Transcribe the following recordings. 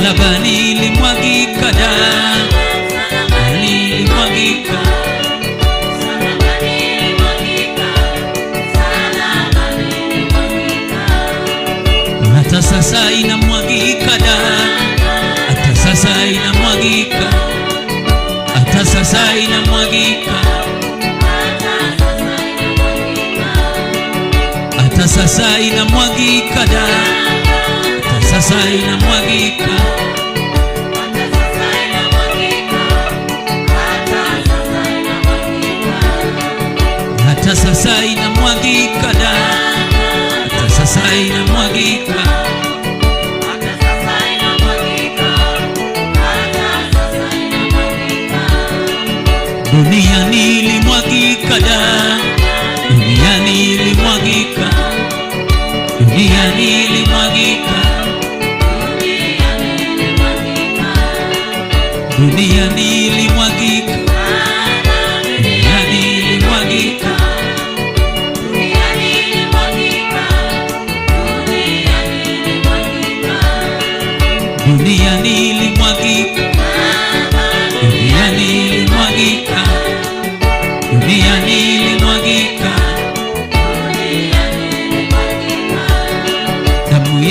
msalabani ilimwagika damu hata sasa inamwagika damu hata sasa inamwagika hata sasa inamwagika hata sasa inamwagika sasa inamwagika hata sasa inamwagika hata sasa inamwagika duniani ilimwagika da duniani ilimwagika duniani duniani ilimwagika,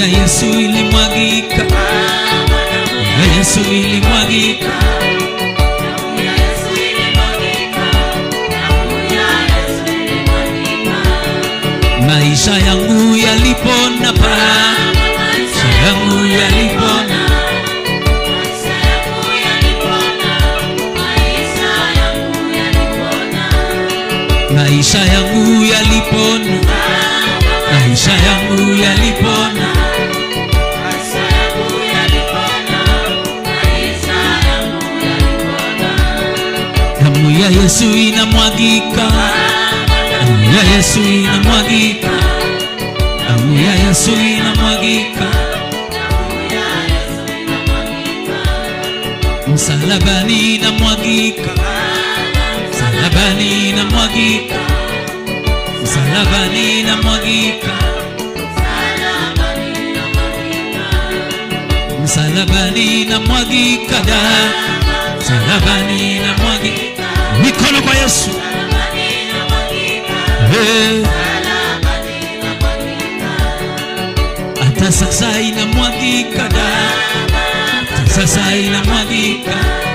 Yesu ilimwagika Yesu ilimwagika damu ya ya Yesu maisha yangu maisha yangu maisha yangu yalipona maisha yangu yalipona maisha yangu yalipona ya Yesu inamwagika, damu ya Yesu inamwagika, damu ya Yesu inamwagika, msalabani inamwagika, msalabani inamwagika, msalabani inamwagika, msalabani inamwagika damu, msalabani inamwagika mikono kwa Yesu. Hey. Eh. Hata sasa inamwagika damu, sasa inamwagika